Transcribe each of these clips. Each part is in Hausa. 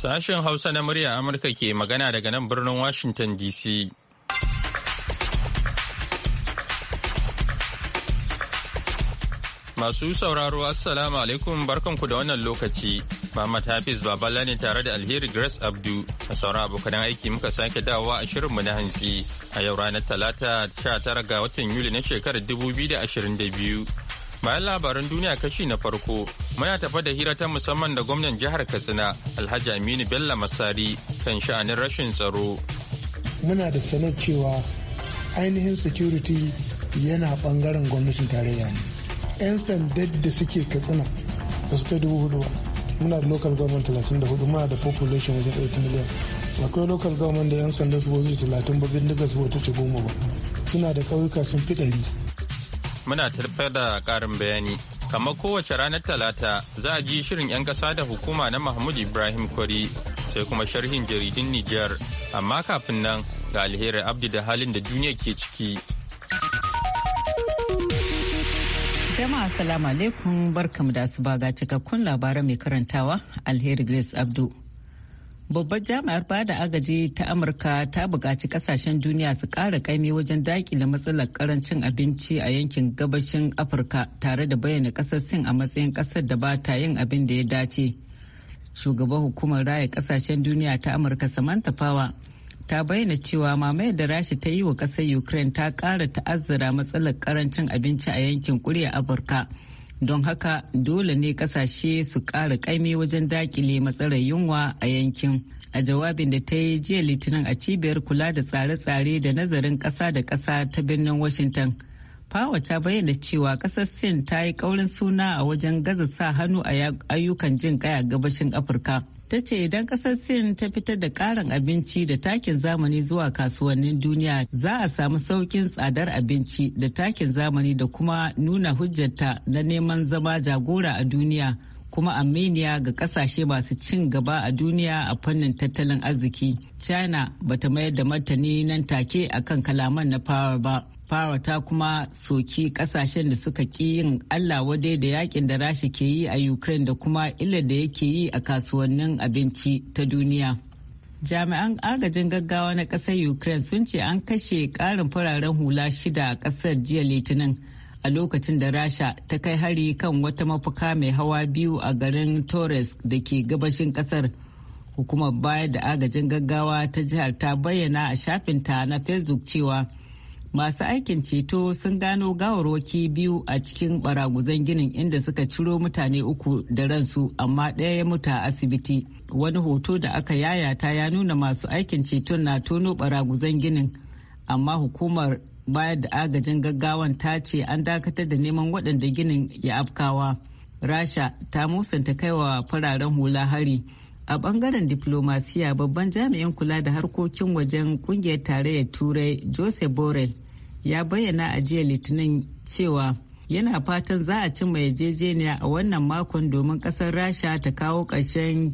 Sashen Hausa na murya Amurka ke magana daga nan birnin Washington DC. Masu sauraro Assalamu alaikum barkanku da wannan lokaci. Muhammad Hafiz babala ne tare da Alheri Grace Abdu a sauran abokan aiki muka sake dawowa a shirin mu na hantsi a yau ranar Talata 19 ga watan Yuli na shekarar 2022. Bayan labaran duniya kashi na farko, muna tafa da hira ta musamman da gwamnan jihar Katsina Alhaji Aminu Bello Masari kan sha'anin rashin tsaro. Muna da sanar cewa ainihin security yana bangaren gwamnatin tarayya ne. 'Yan sandar da suke Katsina da suka dubu hudu Muna da local government talatin da hudu muna da population wajen 8 miliyan. Akwai local government da 'yan sanda su wuce talatin ba bindiga su wata ce goma ba. Suna da ƙauyuka sun fi ɗari. muna tarfar da karin bayani. Kamar kowace ranar Talata za a ji shirin 'yan ƙasa da hukuma na Mahmud Ibrahim Kwari sai kuma sharhin jaridun Nijar. Amma kafin nan ga alheri abdi da halin da duniya ke ciki. Jama'a salamu alaikum barkam da asuba ga cikakkun labaran mai karantawa alheri Grace Abdu. babbar jami'ar bada agaji ta amurka ta buƙaci kasashen duniya su ƙara ƙaimi wajen daƙile matsalar ƙarancin abinci a yankin gabashin afirka tare da bayyana ƙasar sin a matsayin ƙasar da ba ta yin abin da ya dace shugaban hukumar raya ƙasashen duniya ta amurka samantha power ta bayyana cewa mamayar da rasha ta yi wa ƙasar ukraine ta ƙara ta'azzara matsalar ƙarancin abinci a yankin kuriya afirka don haka dole ne kasashe su ƙara ƙaimi wajen dakile matsalar yunwa a yankin a jawabin da ta yi jiya litinin a cibiyar kula da tsare-tsare da nazarin ƙasa da ƙasa ta birnin washington Fawa ta bayyana cewa ƙasar Sin ta yi ƙaurin suna a wajen gaza sa hannu a ayyukan jin ƙaya gabashin Afirka. ta ce idan kasar sin ta fitar da karin abinci da takin zamani zuwa kasuwannin duniya za a samu saukin tsadar abinci da takin zamani da kuma nuna hujjata na neman zama jagora a duniya kuma armenia ga kasashe masu cin gaba a duniya a fannin tattalin arziki china bata mayar da martani nan take akan kalaman na power ba fara ta kuma soki kasashen da suka ki yin allah wadai da yakin da rasha ke yi a ukraine da kuma illar da yake yi a kasuwannin abinci ta duniya jami'an agajin gaggawa na kasar ukraine sun ce an kashe karin fararen hula shida a kasar jiya litinin a lokacin da rasha ta kai hari kan wata mafuka mai hawa biyu a garin torres da ke gabashin kasar hukumar bayar da agajin gaggawa ta jihar ta bayyana a shafinta na facebook cewa masu aikin ceto sun gano gawarwaki biyu a cikin baraguzan ginin inda suka ciro mutane uku da ransu amma ɗaya ya mutu a asibiti wani hoto da aka yayata ya nuna masu aikin ceton na tono baraguzan ginin amma hukumar bayar da agajin gaggawan ta ce an dakatar da neman waɗanda ginin ya afkawa rasha ta musanta kaiwa fararen hula hari a bangaren diplomasiya babban jami'in kula da harkokin wajen kungiyar tarayyar turai joseph borrell ya bayyana a jiya litinin cewa yana fatan za a cimma yarjejeniya a wannan makon domin kasar rasha ta kawo ƙarshen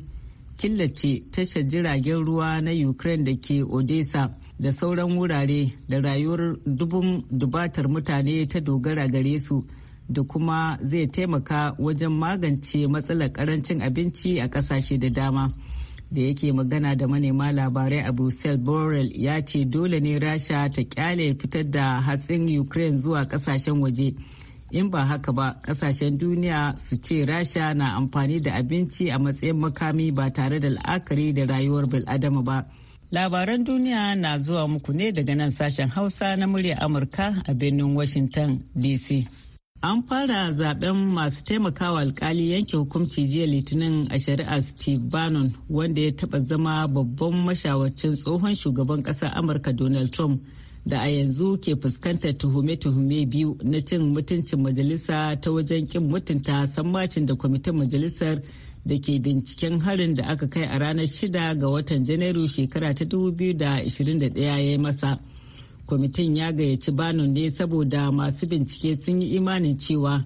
killace tashar jiragen ruwa na ukraine da ke odessa da sauran wurare da rayuwar dubun dubatar mutane ta dogara gare su da kuma zai taimaka wajen magance matsalar karancin abinci a kasashe da dama da yake magana da manema labarai a brussels borrell ya ce dole ne rasha ta kyale fitar da hatsin ukraine zuwa kasashen waje in ba haka ba kasashen duniya su ce rasha na amfani da abinci a matsayin makami ba tare da la'akari da rayuwar bil'adama ba labaran duniya na zuwa muku ne daga nan sashen hausa na murya amurka a birnin washington dc An fara zaben masu taimakawa alkali yanke hukunci jiya litinin a shari'a Steve Bannon wanda ya taba zama babban mashawarcin tsohon shugaban ƙasar Amurka Donald Trump da a yanzu ke fuskantar tuhume-tuhume biyu na cin mutuncin majalisa ta wajen kin mutunta sammacin da kwamitin majalisar da ke binciken harin da aka kai a ranar 6 ga watan Janairu shekara ta 2021 ya yi masa. kwamitin ya gayyaci banon ne saboda masu bincike sun yi imanin cewa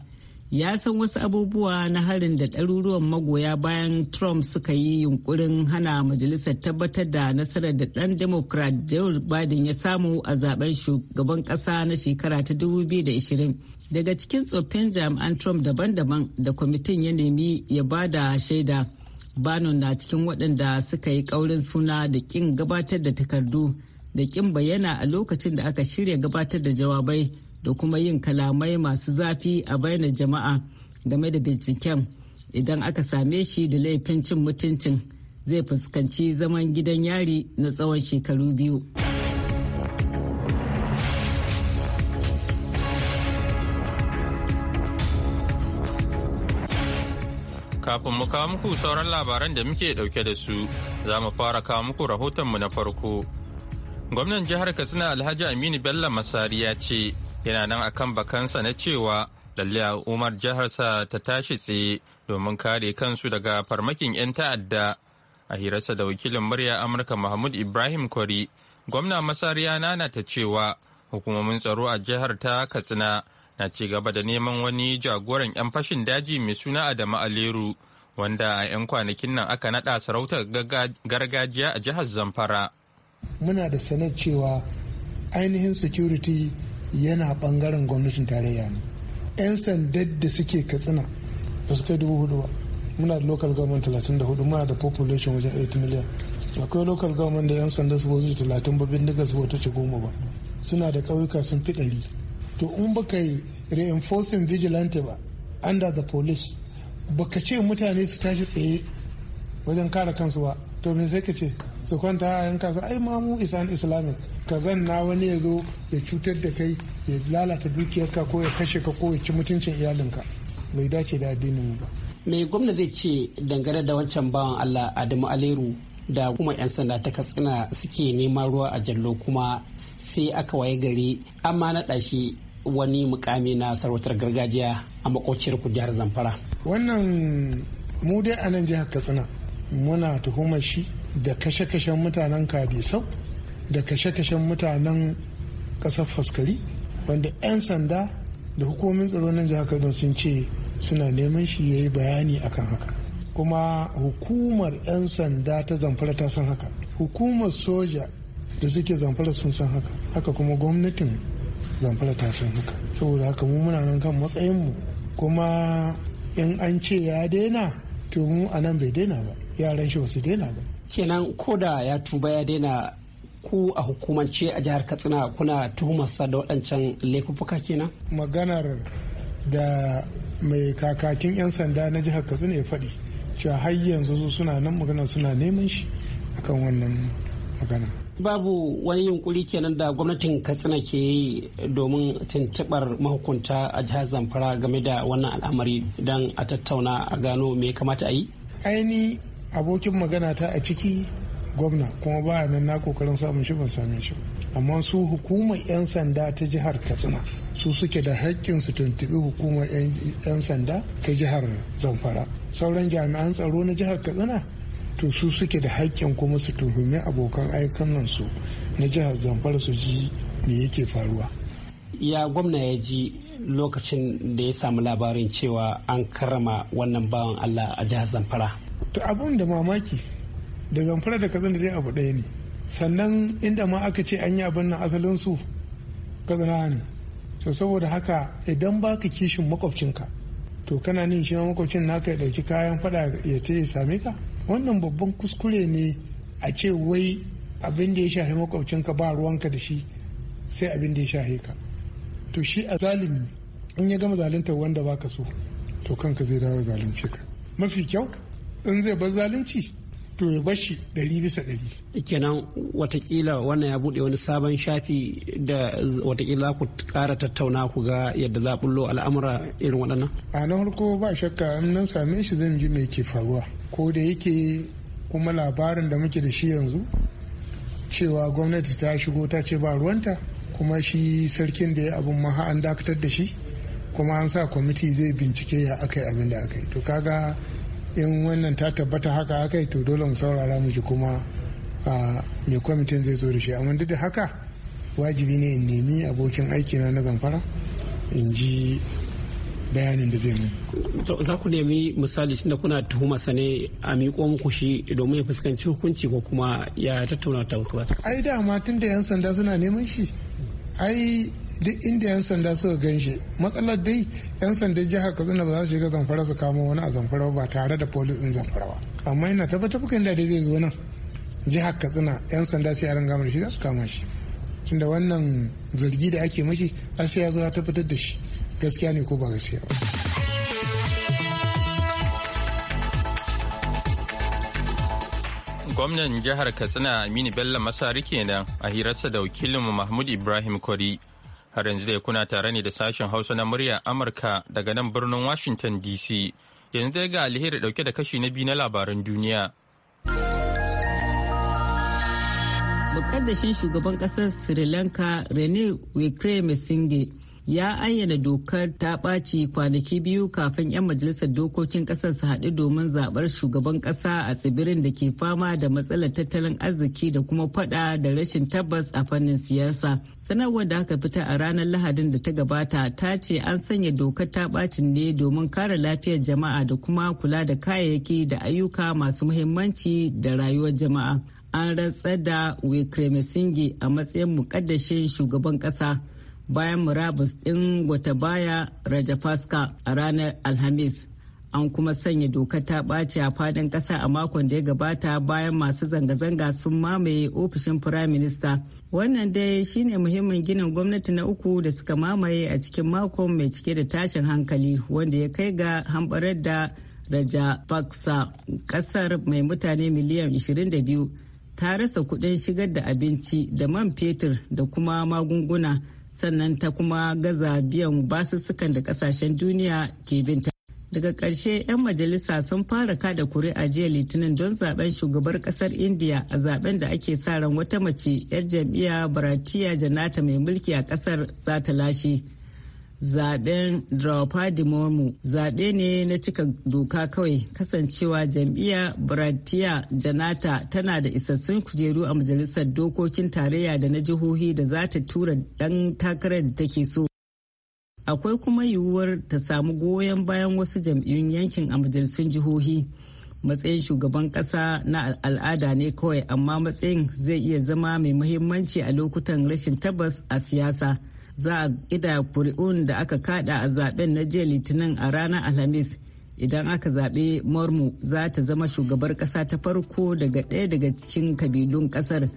ya san wasu abubuwa na harin da ɗaruruwan magoya bayan trump suka yi yunkurin hana majalisar tabbatar da nasarar da ɗan democrat joe biden ya samu a zaben shugaban ƙasa na shekara ta 2020 daga cikin tsoffin jami'an trump daban-daban da kwamitin ya nemi ya ba da shaida banon na cikin waɗanda suka yi ƙaurin suna da ƙin gabatar da takardu da kin bayyana a lokacin da aka shirya gabatar da jawabai da kuma yin kalamai masu zafi a bainar jama'a game da binciken idan aka same shi da laifin cin mutuncin zai fuskanci zaman gidan yari na tsawon shekaru biyu. kafin mu kawo muku sauran labaran da muke dauke da su za mu fara kawo muku rahotonmu na farko gwamnan jihar katsina alhaji aminu bello masari ya ce yana nan a akan bakansa na cewa lalle al'ummar jiharsa ta tashi tsaye domin kare kansu daga farmakin 'yan ta'adda a hirarsa da wakilin murya amurka mahmud ibrahim kwari gwamna masari ya ta cewa hukumomin tsaro a jihar ta katsina na ci gaba da neman wani jagoran 'yan fashin daji mai suna adamu aleru wanda a 'yan kwanakin nan aka naɗa sarautar gargajiya a jihar zamfara muna da sanar cewa ainihin security yana bangaren gwamnatin tarayya ne 'yan sandar da suke katsina ba su kai dubu hudu ba muna da local government 34 muna da population wajen 8 million akwai local government da 'yan sanda su wasu talatin ba bindiga su wata ce goma ba suna da ƙauyuka sun fi ɗari to in baka yi reinforcing vigilante ba under the police baka ce mutane su tashi tsaye wajen kare kansu ba to me sai ka ce su kwanta a yanka su ai ma mu isan islamic ka na wani ya zo ya cutar da kai ya lalata dukiyarka ko ya kashe ka ko ya ci mutuncin iyalinka bai dace da addinin mu ba me gwamna zai ce dangane da wancan bawan allah adamu aleru da kuma 'yan sanda ta katsina suke neman ruwa a jallo kuma sai aka waye gari amma naɗa shi wani mukami na sarautar gargajiya a makociyar ku jihar zamfara wannan mu dai a nan jihar katsina muna tuhumar shi da kashe-kashen mutanen kabisau da kashe-kashen mutanen kasar faskari wanda 'yan sanda da hukumomin tsaro nan jihar kano sun ce suna neman shi ya yi bayani akan haka kuma hukumar 'yan sanda ta zamfara ta san haka hukumar soja da suke zamfara sun san haka haka kuma gwamnatin zamfara ta san haka saboda haka mu muna nan kan matsayinmu kuma in an ce ya daina to mu a nan bai daina ba yaran shi ba su daina ba kenan ko da ya tuba ya daina ku a hukumance a jihar katsina kuna tuhumarsa da waɗancan laifuffuka kenan maganar da mai kakakin 'yan sanda na jihar katsina ya faɗi cewa har yanzu suna nan magana suna neman shi akan wannan magana babu wani yunkuri kenan da gwamnatin katsina ke yi domin tuntubar mahukunta a jihar zamfara game da wannan al'amari don a tattauna a gano me kamata a yi aini abokin magana ta a ciki gwamna kuma ba baya nan na kokarin samun shi ban same shi amma su hukumar 'yan sanda ta jihar katsina su suke da haƙƙin su tuntuɓi hukumar 'yan sanda ta jihar zamfara sauran jami'an tsaro na jihar katsina to su suke da haƙƙin kuma su tuhumi abokan aikan su na jihar zamfara su ji me yake faruwa ya gwamna ya ji lokacin da ya samu labarin cewa an karrama wannan bawan allah a jihar zamfara to abun da mamaki da zamfara da kazan da dai abu ɗaya ne sannan inda ma aka ce an yi abin nan asalin su kazana ne to saboda haka idan baka kishin makwabcinka to kana nin shi makwabcin naka ya ɗauki kayan fada ya ta ya same ka wannan babban kuskure ne a ce wai abin da ya shahi makwabcinka ba ruwanka da shi sai abin da ya shahe ka to shi a zalimi in ya gama zaluntar wanda baka so to kanka zai dawo zalunce ka mafi kyau in zai bar zalunci to ya bar shi ɗari bisa ɗari. kenan watakila wannan ya buɗe wani sabon shafi da watakila ku kara tattauna ku ga yadda za bullo al'amura irin waɗannan. a na harko ba shakka an nan same shi zan ji mai ke faruwa ko da yake kuma labarin da muke da shi yanzu cewa gwamnati ta shigo ta ce ba ruwanta kuma shi sarkin da ya abin maha an dakatar da shi kuma an sa kwamiti zai bincike ya aka yi abin da aka yi to kaga in wannan ta tabbata haka aka yi to dole mu saurara mu ji kuma mai kwamitin zai zo da shi amma duk da haka wajibi ne in nemi abokin aikina na zamfara in ji bayanin da zai mun. za ku nemi misali tunda kuna tuhuma sane a miƙo muku shi domin ya fuskanci hukunci ko kuma ya tattauna ta ai dama tun da 'yan sanda suna neman shi ai duk inda 'yan sanda suka gan shi matsalar dai 'yan sandan jihar katsina ba za su shiga zamfara su kama wani a zamfara ba tare da polis din zamfara ba amma yana tabbatar kan da zai zo nan jihar katsina 'yan sanda sai a ranga mana shi za su kama shi tunda wannan zargi da ake mashi a sai ya zo ya tabbatar da shi gaskiya ne ko ba gaskiya ba gwamnan jihar katsina aminu bello masari na a hirarsa da wakilinmu mahmud ibrahim kori Har yanzu dai kuna tare ne da sashen Hausa na murya Amurka daga nan birnin Washington DC. Yanzu dai ga alheri dauke da kashi na biyu na labaran duniya. Mukaddashin shugaban kasar Sri Lanka Rene wikremesinghe ya ayyana dokar ta ɓaci kwanaki biyu kafin 'yan majalisar dokokin ƙasar su haɗu domin zaɓar shugaban ƙasa a tsibirin da ke fama da matsalar tattalin arziki da kuma faɗa da rashin tabbas a fannin siyasa. sanarwar da aka fita a ranar lahadin da ta gabata ta ce an sanya dokar ta ɓacin ne domin kare lafiyar jama'a da kuma kula da kayayyaki da ayyuka masu muhimmanci da rayuwar jama'a an rantsar da wikremesingi a matsayin muƙaddashin shugaban ƙasa. bayan murabus ɗin raja-faska a ranar Alhamis. An kuma sanya doka ta ɓaci a fadin ƙasa a makon da ya gabata bayan masu zanga-zanga sun mamaye ofishin firaminista. Wannan dai shine muhimmin ginin gwamnati na uku da suka mamaye a cikin makon mai cike da tashin hankali wanda ya kai ga hambarar da raja Faksa ƙasar mai mutane miliyan 22 ta rasa kuɗin shigar da abinci da man fetur da kuma magunguna. sannan ta kuma gaza biyan basussukan da kasashen duniya ke binta. Daga karshe 'yan majalisa sun fara kada kuri'a jiya litinin don zaben shugabar ƙasar India a zaben da ake sa ran wata mace 'yar jam'iyya Baratiya Janata mai mulki a ƙasar za ta lashe. zaben Draupadi Murmu zaɓe ne na cika doka kawai kasancewa jam'iyya Bratia Janata tana da isassun kujeru a majalisar dokokin tarayya da na jihohi da za ta tura ɗan takarar da take so. Akwai kuma yiwuwar ta samu goyon bayan wasu jam'iyyun yankin a majalisun jihohi. Matsayin shugaban ƙasa na al'ada ne kawai amma matsayin zai iya zama mai muhimmanci a lokutan rashin tabbas a siyasa. za a ida kuri'un da aka kada a zaben na jiya litinin a ranar alhamis idan aka zaɓi mormu za ta zama shugabar ƙasa ta farko daga ɗaya daga cikin kabilun ƙasar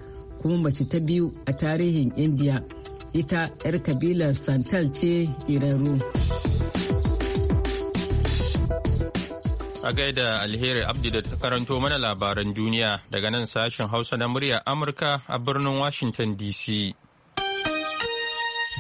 kuma mace ta biyu a tarihin indiya ita 'yar kabilar santal ce iraru a gaida alheri abdi da ta karanto mana labaran duniya daga nan sashen hausa na murya amurka a birnin washington dc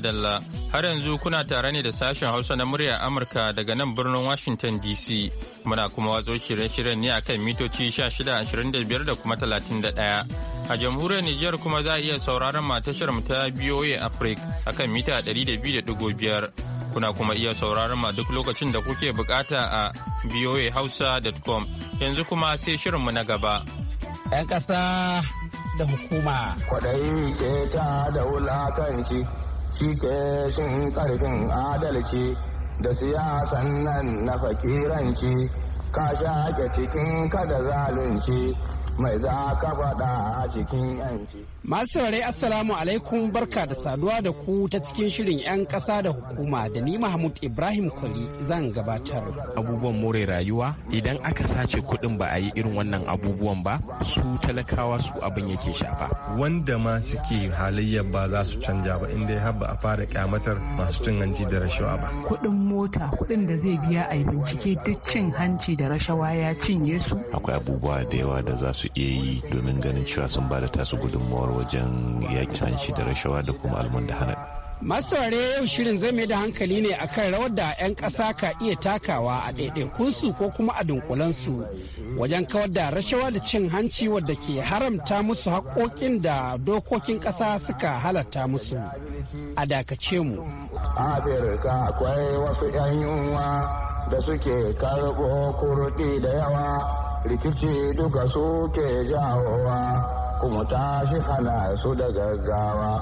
Dalla, har yanzu kuna tare ne da sashen Hausa na murya Amurka daga nan birnin Washington DC. Muna kuma watso shirye-shiryen ne akan mitoci 1625 da kuma 31. A jamhuriyar Nijar kuma za a iya sauraron matashar mu ta BOA Africa akan mita 200.5. Kuna kuma iya sauraron ma duk lokacin da kuke bukata a boahausa.com. Yanzu kuma sai shirin mu na gaba. 'Yan ƙasa da hukuma. Kwaɗayi ke ta da wulakanci. shi ke cin karfin adalci da siyasan nan na fakiranci ka shaƙe cikin kada zalunci mai za ka faɗa a cikin yanci. Masu saurari Assalamu alaikum barka da saduwa da ku ta cikin shirin 'yan ƙasa da hukuma da ni Mahmud Ibrahim Kwali zan gabatar. Abubuwan more rayuwa idan aka sace kuɗin ba a yi irin wannan abubuwan ba su talakawa su abin yake shafa. Wanda ma suke halayyar ba za su canja ba inda ya haɓa a fara kyamatar masu cin hanci da rashawa ba. Kuɗin mota kuɗin da zai biya a yi bincike duk cin hanci da rashawa ya cinye su. Akwai abubuwa da yawa da za su su iya yi domin ganin cewa sun ba da tasu gudunmawar wajen yakin shi da rashawa da kuma almundahana masaurare yau shirin zai mai da hankali ne akan rawar da 'yan ƙasa ka iya takawa a ɗaiɗaikunsu ko kuma a dunkulensu wajen kawar da rashawa da cin hanci wadda ke haramta musu haƙoƙin da dokokin ƙasa suka halatta musu a dakace mu afirka akwai wasu 'yan yunwa da suke karɓo da yawa rikici duka suke jawowa kuma ta shi hana su da gaggawa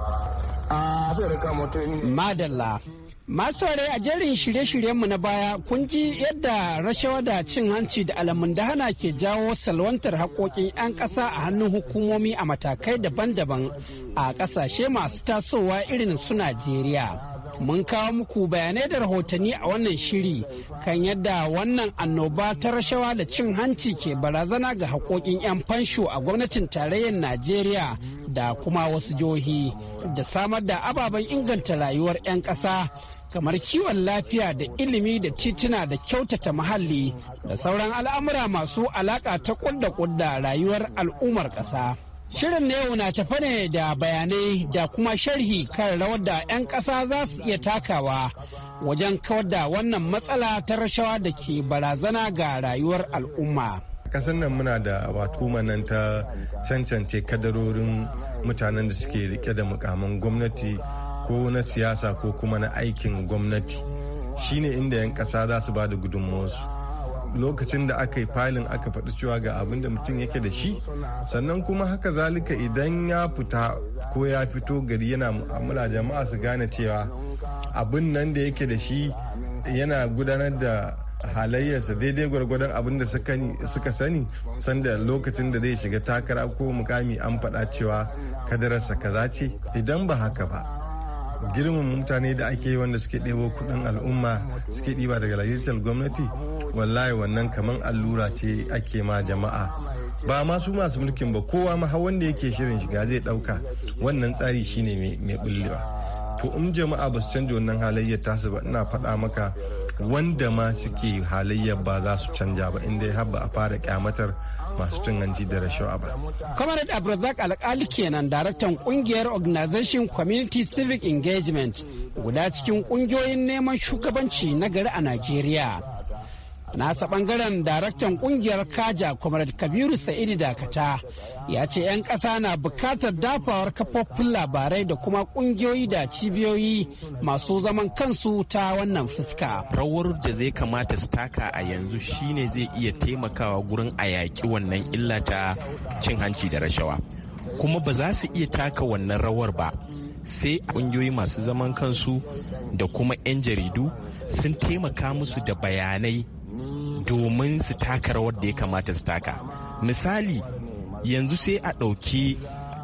afirka mutum madalla masu a jerin shirye-shiryenmu na baya kun ji yadda rashawa da cin hanci da hana ke jawo salwantar haƙoƙin 'yan ƙasa a hannun hukumomi a matakai daban-daban a ƙasashe masu tasowa irin su najeriya mun kawo muku bayanai da rahotanni a wannan shiri kan yadda wannan annoba ta rashawa da cin hanci ke barazana ga haƙoƙin 'yan fansho a gwamnatin tarayyar najeriya da kuma wasu jihohi da samar da ababen inganta rayuwar 'yan ƙasa kamar kiwon lafiya da ilimi da tituna da kyautata muhalli da sauran al'amura masu alaƙa ta kudda kudda rayuwar al'ummar ƙasa. Shirin na yau na tafa ne da bayanai da kuma sharhi kan rawar da 'yan ƙasa za su iya takawa wajen kawar da wannan matsala ta rashawa da ke barazana ga rayuwar al'umma. Kasan nan muna da wato manan ta cancance kadarorin mutanen da suke rike da mukamin gwamnati ko na siyasa ko kuma na aikin gwamnati shine inda 'yan ƙasa za su ba da gudunmuwarsu. lokacin da aka yi filin aka faɗi cewa ga abin da mutum yake da shi sannan kuma haka zalika idan ya fita ko ya fito gari yana mu'amala jama'a su gane cewa abin nan da yake da shi yana gudanar da halayyarsa daidai gwargwadon abin da suka sani sanda lokacin da zai shiga takara ko mukami an faɗa cewa kadararsa kaza ce idan ba haka ba girmama mutane da ake yi wanda suke ɗebo kuɗin al'umma suke ɗiba daga lajistar gwamnati wallahi wannan kamar allura ce ake ma jama'a ba ma su masu mulkin ba kowa ma har wanda yake shirin shiga zai ɗauka wannan tsari shine mai bullewa to in jama'a ba su canja wannan halayyar tasu ba ina faɗa maka wanda ma suke halayyar ba za su canja ba inda ya haɓa a fara kyamatar masu cin hanci da rashawa ba. Comrade Abrazak Alkali kenan daraktan kungiyar Organization Community Civic Engagement guda cikin kungiyoyin neman shugabanci na gari a Najeriya. nasa bangaren daraktan kungiyar kaja comrade kabiru sa'idu dakata ya ce 'yan kasa na bukatar dafawar kafofin labarai da kuma kungiyoyi da cibiyoyi masu zaman kansu ta wannan fuska rawar da zai kamata su taka a yanzu shine zai iya taimakawa gurin a yaƙi wannan illa ta cin hanci da rashawa kuma ba za su iya taka wannan rawar ba sai kungiyoyi masu zaman kansu da kuma 'yan jaridu sun taimaka musu da bayanai domin su taka rawar da ya kamata su taka misali yanzu sai a ɗauki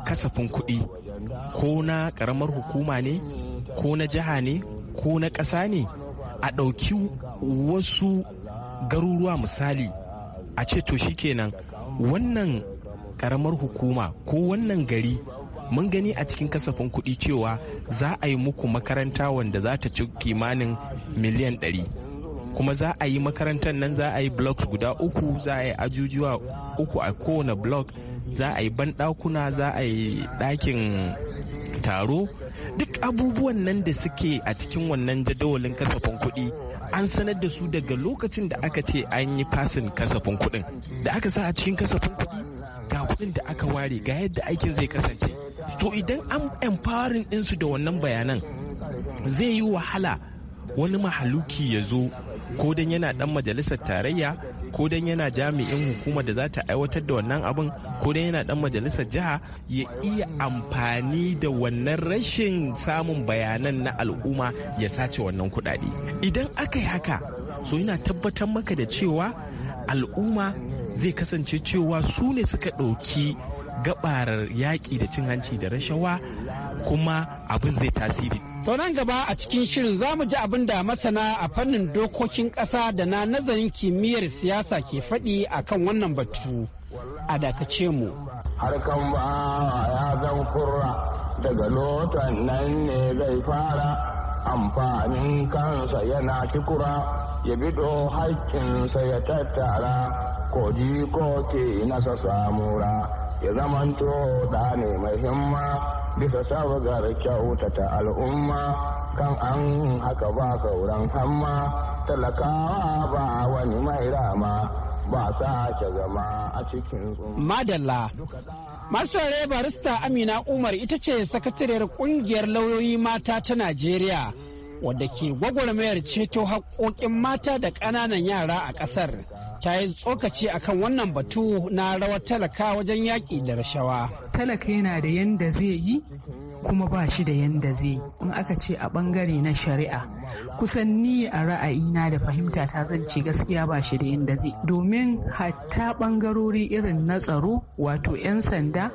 kasafin kuɗi ko na ƙaramar hukuma ne ko na jiha ne ko na ƙasa ne a ɗauki wasu garuruwa misali a ce to shikenan wannan ƙaramar hukuma ko wannan gari mun gani a cikin kasafin kuɗi cewa za a yi muku makaranta wanda za ta ci kimanin miliyan ɗari. kuma za a yi makarantar nan za a yi blocks guda uku za a yi ajujuwa uku a kowane block za a yi banɗakuna za a yi ɗakin taro duk abubuwan nan da suke a cikin wannan jadawalin kasafin kuɗi an sanar da su daga lokacin da aka ce an yi fasin kasafin kuɗin da aka sa a cikin kasafin kuɗi ga kuɗin da aka ware ga yadda aikin zai kasance to idan an empowering ɗinsu da wannan bayanan zai yi wahala wani mahaluki ya zo ko dan yana dan majalisar tarayya ko dan yana jami'in hukuma da za ta aiwatar da wannan abin ko dan yana dan majalisar jiha ya iya amfani da wannan rashin samun bayanan na al'umma ya sace wannan kuɗaɗe idan aka yi haka so yana tabbatar maka da cewa al'umma zai kasance cewa su ne suka ɗauki gabarar yaƙi da cin hanci da rashawa kuma abin zai tasiri To nan gaba a cikin shirin za mu ji abin da masana a fannin dokokin ƙasa da na nazarin kimiyyar siyasa ke faɗi a kan wannan batu a dakace mu. Harkan ba ya zan kurra daga lotan nan ne zai fara amfanin kansa yana kikura ya bido haƙƙinsa ya tattara koji ko ke nasa samura ya zamanto da ne mai himma. bisa saba sabgar kyautata al'umma kan an haka ba sauran hamma talakawa ba wani mai rama ba sake zama a cikin madalla masu barista amina umar ita ce sakatariyar kungiyar lauyoyi mata ta najeriya wadda ke gwagwarmayar ceto haƙoƙin mata da ƙananan yara a ƙasar ta yi tsokaci kan wannan batu na rawar talaka wajen yaƙi da rashawa. Talaka yana da yanda zai yi kuma ba shi da yanda zai in aka ce a bangare na shari'a kusan ni a ra'ayina da fahimta ta ce gaskiya ba shi da yanda zai domin hatta bangarori irin na tsaro wato 'yan sanda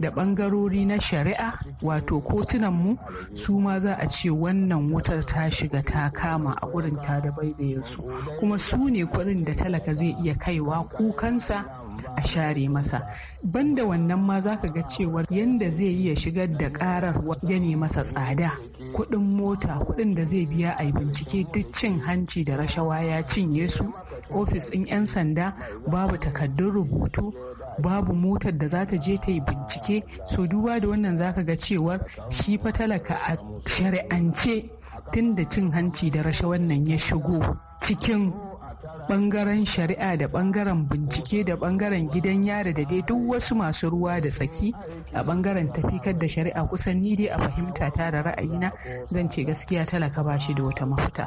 da bangarori na shari'a wato kotunanmu su ma za a ce wannan wutar ta shiga ta kama a gurin ta da baibayensu kuma su ne kwarin da talaka zai iya kaiwa kukansa a share masa banda wannan ma za ka ga cewar yadda zai iya shigar da karar ya ne masa tsada kuɗin mota kuɗin da zai biya a bincike duk cin hanci da rashawa ya cinye su ofis ɗin 'yan sanda babu takardun rubutu babu motar da za ta je ta yi bincike so duba da wannan za ka ga cewar shi fa talaka a shari'ance tun da cin hanci da rashawan nan ya shigo cikin bangaren shari'a da bangaren bincike da bangaren gidan yari da dai duk wasu masu ruwa da tsaki a bangaren tafikar da shari'a kusan ni dai a fahimta ta da ra'ayina zan ce gaskiya talaka ba shi da wata mafita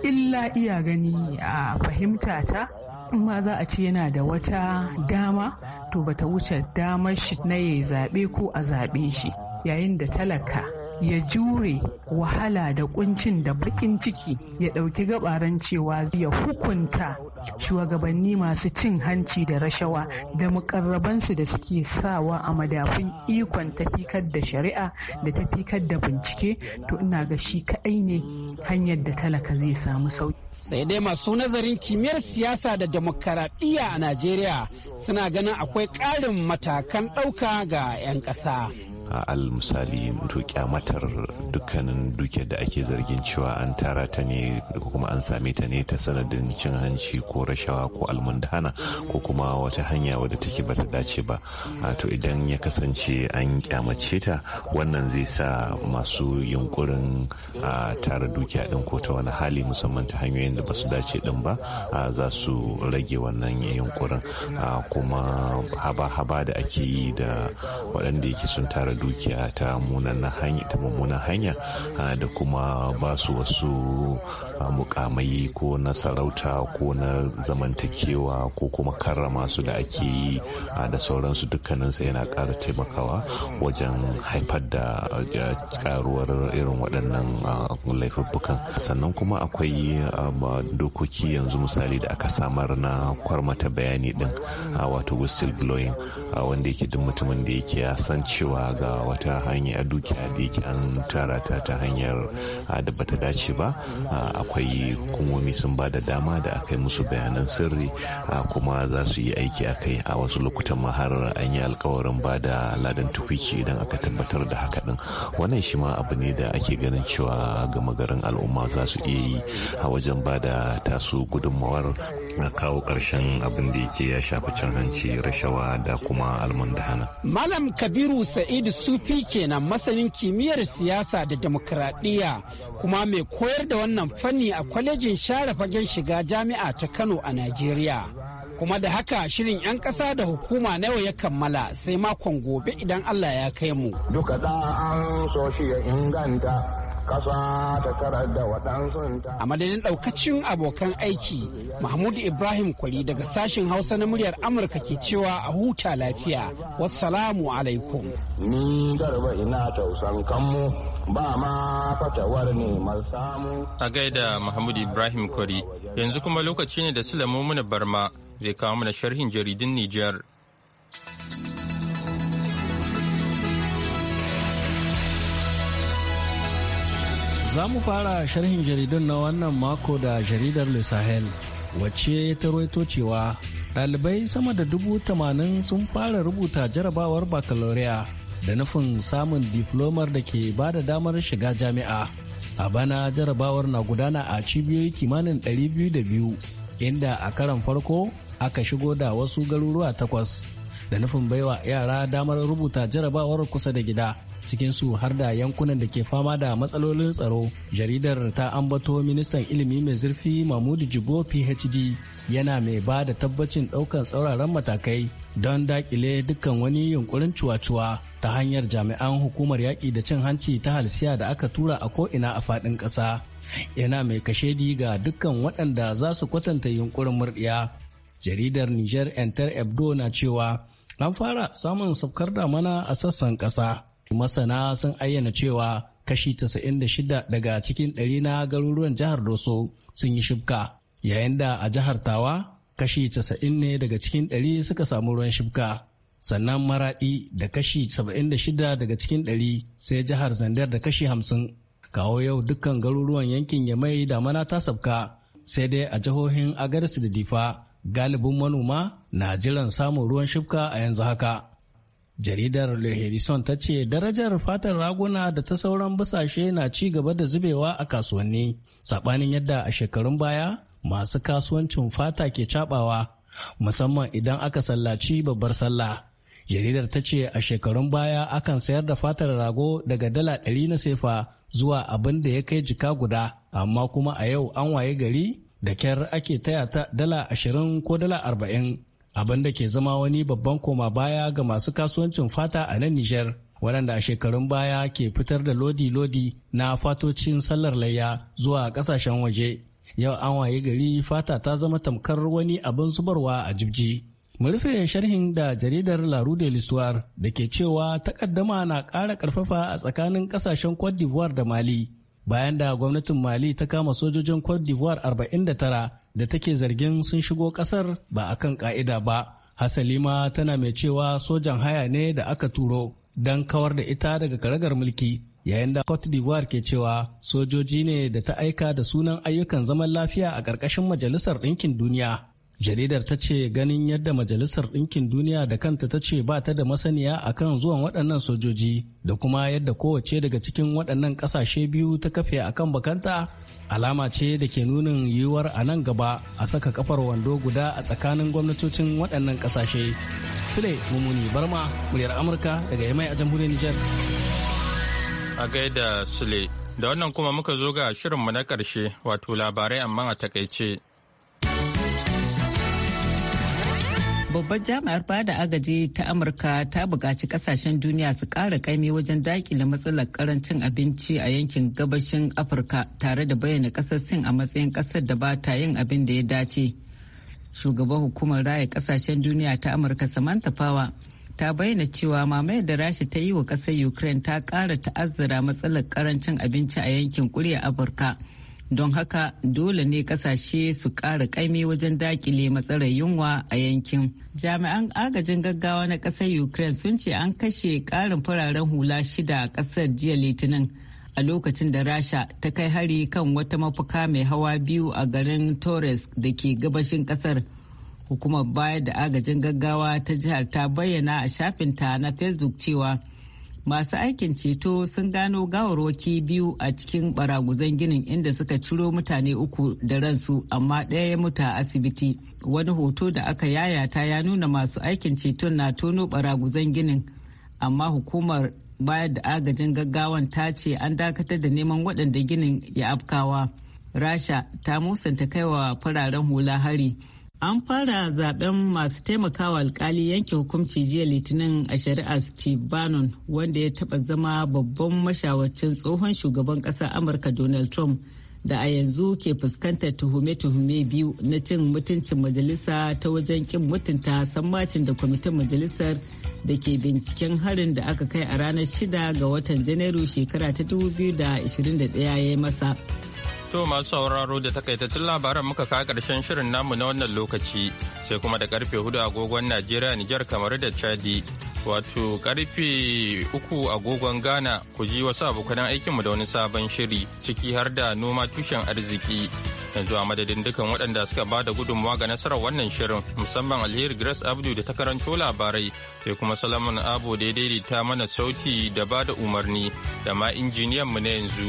illa iya gani a fahimta ta in ma za a ce yana da wata dama to bata wuce damar shi na ya zaɓe ko a zaɓe shi yayin da talaka ya jure wahala da kuncin da bakin ciki ya ɗauki gabaran cewa ya hukunta shugabanni masu cin hanci da rashawa da mukarrabansu da suke sawa a madafin ikon tafikar da shari'a da tafikar da bincike to ina ga shi kaɗai ne hanyar da talaka zai samu sauki. sai dai masu nazarin kimiyyar siyasa da demokaradiyya a najeriya suna ganin akwai ƙarin matakan ɗauka ga 'yan ƙasa. al misali to kyamatar dukkanin duke da ake zargin cewa an tara ta ne kuma an same ta ne ta sanadin cin hanci ko rashawa ko almundana ko kuma wata hanya wadda take bata dace ba to idan ya kasance an kyamace ta wannan zai sa masu yunkurin tara dukiya din ko ta wani hali musamman ta hanyoyin da basu dace din ba za su rage wannan yunkurin kuma haba-haba da ake yi da waɗanda yake sun tara dukiya ta mummuna hanya mummunan hanya da kuma ba su wasu mukamai ko na sarauta ko na zamantakewa ko kuma karrama su da ake yi da sauransu dukkaninsa yana ƙara taimakawa wajen haifar da karuwar irin waɗannan laifuffukan sannan kuma akwai dokoki yanzu misali da aka samar na kwarmata bayani din wato whistle blowing wanda yake duk mutumin da yake ya san cewa ga da wata hanya dukiya da yake an tara ta ta hanyar da bata dace ba akwai hukumomi sun ba da dama da aka yi musu bayanan sirri kuma za su yi aiki a kai a wasu lokutan ma har an yi alkawarin ba da ladan tukwiki idan aka tabbatar da haka din wannan shi ma abu ne da ake ganin cewa gama garin al'umma za su iya yi a wajen ba da tasu gudunmawar na kawo ƙarshen abin da yake ya shafi cin hanci rashawa da kuma almundahana. Malam Kabiru Sa'idu Sufi kenan masanin kimiyyar siyasa da demokradiyya kuma mai koyar da wannan fanni a kwalejin share fagen shiga jami'a ta Kano a Najeriya. kuma da haka shirin 'yan ƙasa da hukuma na yau ya kammala sai makon gobe idan Allah ya kai mu. Duka da an so ya inganta kasa ta da A madadin ɗaukacin abokan aiki, Mahmud Ibrahim Kwari daga sashen Hausa na muryar Amurka ke cewa a huta lafiya. Wassalamu alaikum. Ni garba ina tausan kanmu ba ma fatawar neman samu. A gaida Mahmud Ibrahim Kwari, yanzu kuma lokaci ne da muna Barma zai kawo mana sharhin jaridun Nijar. Za mu fara sharhin jaridun na wannan mako da jaridar lisahel Sahel, wacce ta roito cewa ɗalibai sama da dubu tamanin sun fara rubuta jarabawar baccalaureate da nufin samun diflomar da ke ba da damar shiga jami'a. A bana jarabawar na gudana a cibiyoyi kimanin 202 inda a karan farko aka shigo da wasu garuruwa takwas da nufin baiwa yara damar rubuta jarabawar kusa da gida. cikinsu har da yankunan da ke fama da matsalolin tsaro jaridar ta ambato ministan ilimi mai zurfi mahmudu jibo phd yana mai ba da tabbacin ɗaukan tsauraran matakai don dakile dukkan wani yunkurin cuwa-cuwa ta hanyar jami'an hukumar yaƙi da cin hanci ta halsiya da aka tura a ko'ina a faɗin ƙasa yana mai kashe ga dukkan waɗanda za su kwatanta yunkurin murɗiya jaridar niger enter ebdo na cewa an fara samun da mana a sassan ƙasa masana sun ayyana cewa kashi 96 daga cikin ɗari na garuruwan jihar doso sun yi shibka yayin da a jihar tawa kashi 90 ne daga cikin ɗari suka samu ruwan shibka sannan maraɗi da kashi 76 daga cikin ɗari sai jihar zandar da kashi 50 kawo yau dukkan garuruwan yankin yamai mana ta sabka sai dai a jihohin agarsu da difa galibin manoma na jiran samun ruwan shibka a yanzu haka jaridar leherison ta ce darajar fatar raguna da ta sauran busashe na ci gaba da zubewa a kasuwanni saɓanin yadda a shekarun baya masu kasuwancin fata ke cabawa musamman idan aka sallaci babbar sallah jaridar ta ce a shekarun baya akan sayar da fatar rago daga dala ɗari na sefa zuwa abin da ya kai jika guda amma kuma a yau an waye gari da kyar ake taya ta dala ashirin ko dala arba'in abin da ke zama wani babban koma baya ga masu kasuwancin fata a nan Nijar. waɗanda a shekarun baya ke fitar da lodi-lodi na fatocin sallar layya zuwa ƙasashen waje yau an waye gari fata ta zama tamkar wani abin zubarwa a jibji mu rufe sharhin da jaridar laru de l'histoire da ke cewa takaddama na ƙara ƙarfafa a tsakanin ƙasashen cote d'ivoire da mali bayan da gwamnatin mali ta kama sojojin cote d'ivoire 49 da take zargin sun shigo kasar ba a kan ka'ida ba hasali ma tana mai cewa sojan haya ne da aka turo don kawar da ita daga karagar mulki yayin da cote d'ivoire ke cewa sojoji ne da ta aika da sunan ayyukan zaman lafiya a ƙarƙashin majalisar ɗinkin duniya jaridar ta ce ganin yadda majalisar ɗinkin duniya da kanta ta ce ba ta da masaniya akan zuwan waɗannan sojoji da kuma yadda kowace daga cikin waɗannan ƙasashe biyu ta kafe akan bakanta alama ce da ke nunin yiwuwar a nan gaba a saka kafar wando guda a tsakanin gwamnatocin waɗannan ƙasashe sule mumuni barma muryar amurka daga yamai a jamhuriyar niger a gaida sule da wannan kuma muka zo ga shirinmu na ƙarshe wato labarai amma a takaice babbar jami'ar bada agaji ta amurka ta buƙaci kasashen duniya su kara kaimi wajen dakile matsalar karancin abinci a yankin gabashin afirka tare da bayyana ƙasar sin a matsayin ƙasar da ba ta yin abin da ya dace shugaban hukumar raya kasashen duniya ta amurka samantha power ta bayyana cewa mamayar da rasha ta yi wa ƙasar ukraine ta ƙara ta'azzara matsalar karancin abinci a yankin kuriya afirka don haka dole ne kasashe su ƙara ƙaimi wajen dakile matsalar yunwa a yankin jami'an agajin gaggawa na ƙasar ukraine sun ce an kashe ƙarin fararen hula shida a ƙasar jiya litinin a lokacin da rasha ta kai hari kan wata mafuka mai hawa biyu a garin torres da ke gabashin ƙasar hukumar bayar da agajin gaggawa ta jihar ta bayyana a shafinta na facebook cewa masu aikin ceto sun gano gawarwaki biyu a cikin baraguzan ginin inda suka ciro mutane uku da ransu amma ɗaya ya mutu a asibiti wani hoto da aka yayata ya nuna masu aikin ceton na tono baraguzan ginin amma hukumar bayar da agajin gaggawan ta ce an dakatar da neman waɗanda ginin ya afkawa rasha ta musanta kaiwa fararen hula hari An fara zaben masu taimakawa alkali yanke hukunci jiya litinin a shari'a Steve Bannon wanda ya taɓa zama babban mashawarcin tsohon shugaban ƙasar Amurka Donald Trump da a yanzu ke fuskantar tuhume-tuhume biyu na cin mutuncin majalisa ta wajen kin mutunta sammacin da kwamitin majalisar da ke binciken harin da aka kai a ranar 6 ga watan Janairu shekara ta 2021 ya yi masa. To masu sauraro da takaitattun labaran muka kawo ƙarshen shirin namu na wannan lokaci sai kuma da karfe hudu agogon Najeriya Nijar kamar da Chadi wato karfe uku agogon Ghana ku ji wasu abokan aikinmu da wani sabon shiri ciki har da noma tushen arziki. Yanzu a madadin dukan waɗanda suka ba da gudunmawa ga nasarar wannan shirin musamman alheri Grace Abdu da ta karanto labarai sai kuma Solomon abu da ya daidaita mana sauti da ba da umarni da ma injiniyan mu na yanzu.